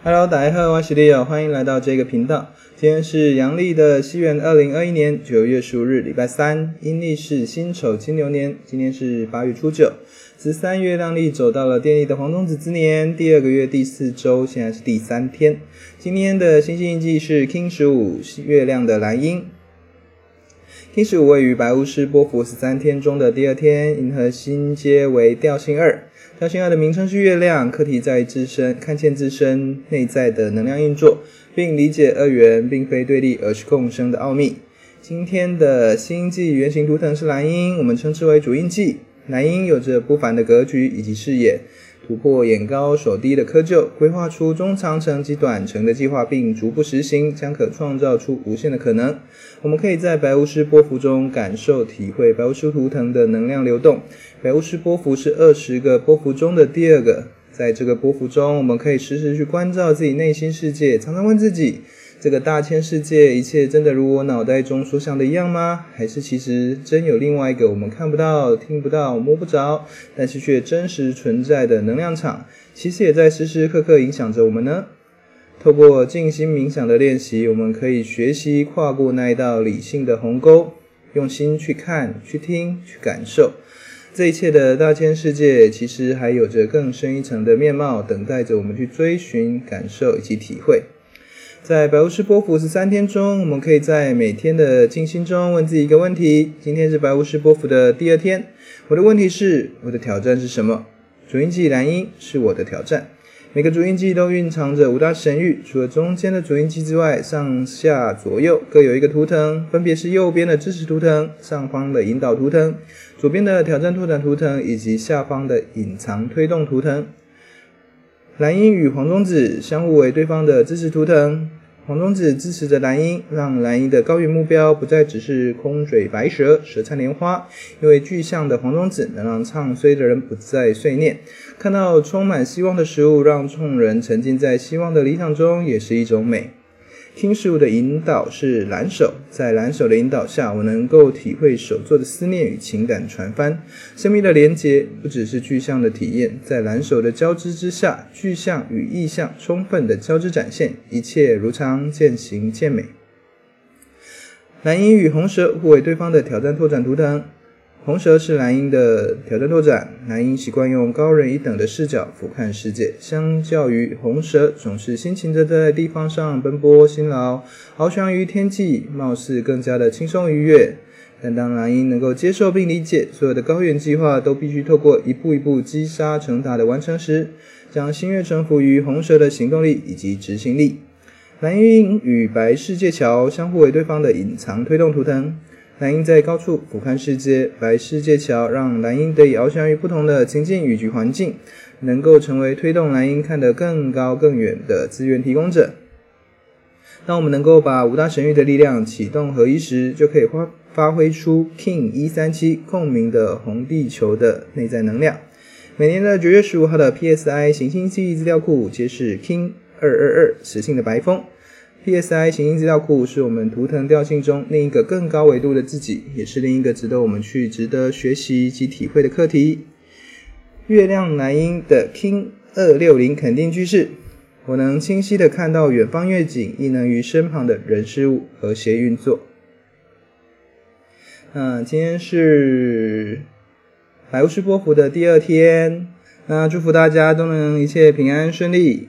哈嘍，大家好，我是 Leo，歡迎來到這個頻道。今天是陽曆的西元二零二一年九月十五日，禮拜三。陰曆是辛丑金牛年，今天是八月初九。十三月亮曆走到了電力的黃種子之年，第二個月第四周，現在是第三天。今天的星星印記是 KIN 十五月亮的藍鷹。一十五位於白巫師波符十三天中的第二天，銀河星階為調性二。調性二的名稱是月亮。課題在於自身，看見自身內在的能量運作，並理解二元並非對立，而是共生的奧祕。今天的星際原型圖騰是藍鷹，我們稱之為主印記。藍鷹有着不凡的格局以及視野。突破眼高手低的窠臼，規劃出中長程及短程的計劃，並逐步實行，將可創造出無限的可能。我們可以在白巫師波幅中感受體會白巫師圖騰的能量流動。白巫師波幅是二十個波幅中的第二個，在這個波幅中，我們可以時時去關照自己內心世界，常常問自己。這個大千世界，一切真的如我腦袋中所想的一樣嗎？還是其實真有另外一個我們看不到、聽不到、摸不着，但是却真實存在的能量場？其實也在時時刻刻影響着我們呢。透過靜心冥想的練習，我們可以學習跨過那一道理性的鴻溝，用心去看、去聽、去感受。這一切的大千世界，其實還有着更深一層的面貌，等待着我們去追尋、感受以及體會。在白巫師波符十三天中，我們可以在每天的靜心中問自己一個問題。今天是白巫師波符的第二天，我的問題是：我的挑戰是什麼？主印記藍鷹是我的挑戰。每個主印記都蘊藏着五大神諭，除了中間的主印記之外，上下左右各有一個圖騰，分別是右邊的支持圖騰、上方的引導圖騰、左邊的挑戰拓展圖騰以及下方的隱藏推動圖騰。藍鷹與黃種子相互為對方的支持圖騰，黃種子支持着藍鷹，讓藍鷹的高遠目標不再只是空嘴白舌舌燦蓮花，因為具象的黃種子能讓唱衰的人不再碎念。看到充滿希望的事物，讓眾人沉浸在希望的理想中，也是一種美。聽事物的引導是藍手，在藍手的引導下，我能夠體會手作的思念與情感傳翻，生命的連接不只是具象的體驗，在藍手的交織之下，具象與意象充分的交織展現，一切如常，漸行漸美。藍鷹與紅蛇互為對方的挑戰拓展圖騰。紅蛇是藍鷹的挑戰拓展。藍鷹習慣用高人一等的視角俯瞰世界，相較於紅蛇總是辛勤地在地方上奔波辛勞，翱翔於天際，貌似更加的輕鬆愉悅。但當藍鷹能夠接受並理解所有的高遠計劃都必須透過一步一步積沙成塔的完成時，將心悅誠服於紅蛇的行動力以及執行力。藍鷹與白世界橋相互為對方的隱藏推動圖騰。藍鷹在高處俯瞰世界，白世界橋讓藍鷹得以翱翔於不同的情境與局環境，能夠成為推動藍鷹看得更高更遠的資源提供者。當我們能夠把五大神域的力量啟動合一時，就可以發發揮出 King 一三七共鳴的紅地球的內在能量。每年的九月十五號的 PSI 行星記憶資料庫揭示 King 二二二磁性的白風。P.S.I 行星資料庫是我們圖騰調性中另一個更高維度的自己，也是另一個值得我們去值得學習及體會的課題。月亮藍鷹的 KIN 二六零肯定句式，我能清晰地看到遠方月景，亦能與身旁的人事物和諧運作。嗯，今天是白巫師波符的第二天，那祝福大家都能一切平安順利。